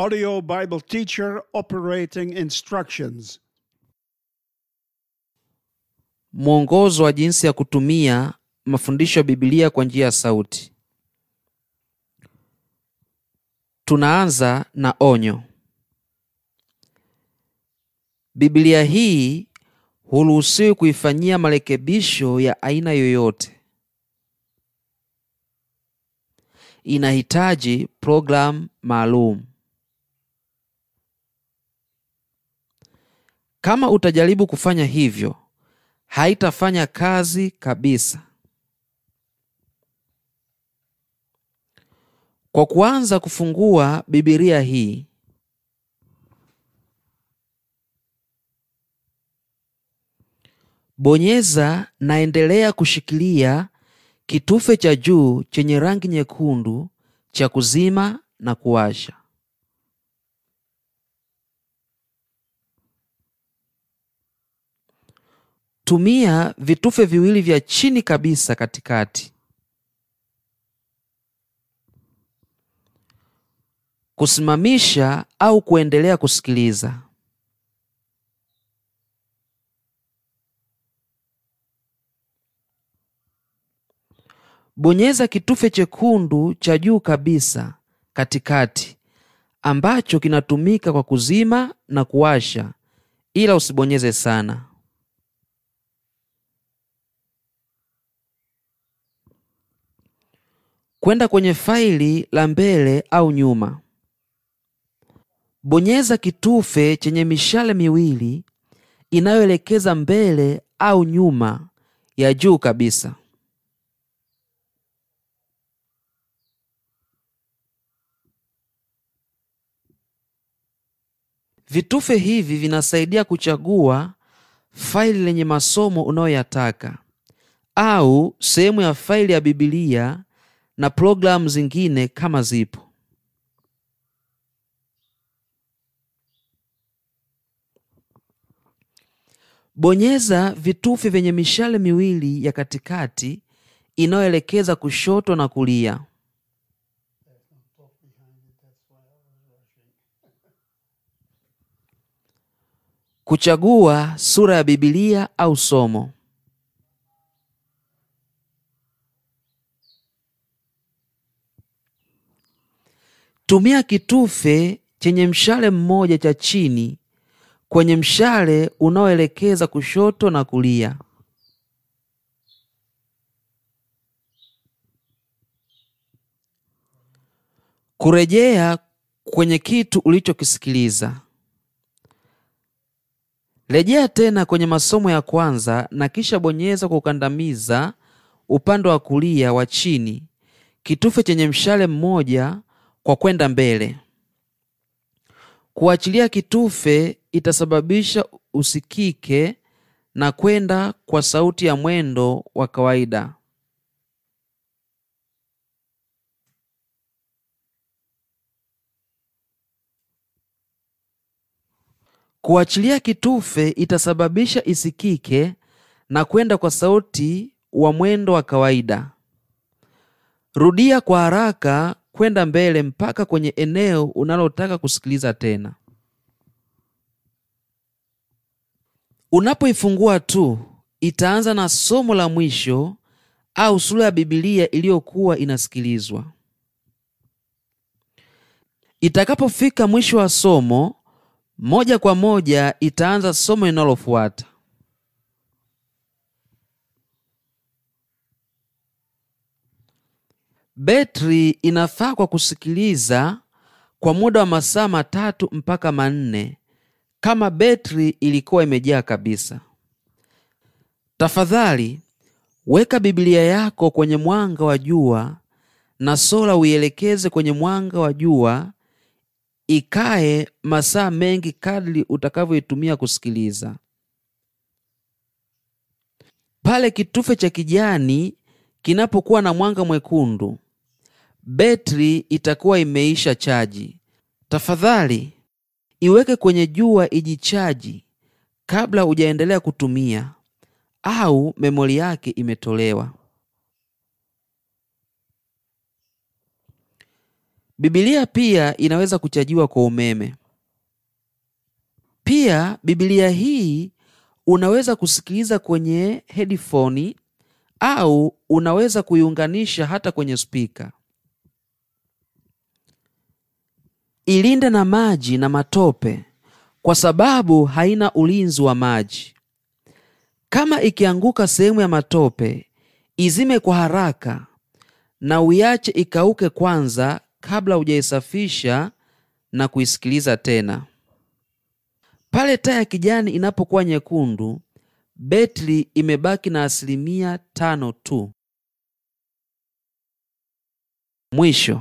Audio Bible Teacher Operating Instructions. Mwongozo wa jinsi ya kutumia mafundisho ya Biblia kwa njia ya sauti. Tunaanza na onyo. Biblia hii huruhusiwi kuifanyia marekebisho ya aina yoyote. Inahitaji programu maalum. Kama utajaribu kufanya hivyo, haitafanya kazi kabisa. Kwa kuanza kufungua Biblia hii bonyeza naendelea kushikilia kitufe cha juu chenye rangi nyekundu cha kuzima na kuwasha. tumia vitufe viwili vya chini kabisa katikati. Kusimamisha au kuendelea kusikiliza. Bonyeza kitufe chekundu cha juu kabisa katikati ambacho kinatumika kwa kuzima na kuwasha, ila usibonyeze sana. kwenda kwenye faili la mbele au nyuma. Bonyeza kitufe chenye mishale miwili inayoelekeza mbele au nyuma ya juu kabisa. Vitufe hivi vinasaidia kuchagua faili lenye masomo unayoyataka au sehemu ya faili ya Biblia na programu zingine kama zipo. Bonyeza vitufi vyenye mishale miwili ya katikati inayoelekeza kushoto na kulia. Kuchagua sura ya Biblia au somo. Tumia kitufe chenye mshale mmoja cha chini kwenye mshale unaoelekeza kushoto na kulia. Kurejea kwenye kitu ulichokisikiliza. Rejea tena kwenye masomo ya kwanza na kisha bonyeza kwa kukandamiza upande wa kulia wa chini kitufe chenye mshale mmoja kwa kwenda mbele. Kuachilia kitufe itasababisha usikike na kwenda kwa sauti ya mwendo wa kawaida. Kuachilia kitufe itasababisha isikike na kwenda kwa sauti wa mwendo wa kawaida. Rudia kwa haraka kwenda mbele mpaka kwenye eneo unalotaka kusikiliza tena. Unapoifungua tu itaanza na somo la mwisho au sura ya Biblia iliyokuwa inasikilizwa. Itakapofika mwisho wa somo moja kwa moja itaanza somo linalofuata. Betri inafaa kwa kusikiliza kwa muda wa masaa matatu mpaka manne kama betri ilikuwa imejaa kabisa. Tafadhali weka bibilia yako kwenye mwanga wa jua na sola uielekeze kwenye mwanga wa jua ikaye masaa mengi kadri utakavyoitumia kusikiliza. Pale kitufe cha kijani kinapokuwa na mwanga mwekundu betri itakuwa imeisha chaji. Tafadhali iweke kwenye jua ijichaji kabla hujaendelea kutumia au memori yake imetolewa. bibilia pia inaweza kuchajiwa kwa umeme. Pia bibilia hii unaweza kusikiliza kwenye hedifoni au unaweza kuiunganisha hata kwenye spika. Ilinde na maji na matope, kwa sababu haina ulinzi wa maji. Kama ikianguka sehemu ya matope, izime kwa haraka, na uiache ikauke kwanza, kabla hujaisafisha na kuisikiliza tena. Pale taa ya kijani inapokuwa nyekundu, betri imebaki na asilimia tano tu. Mwisho.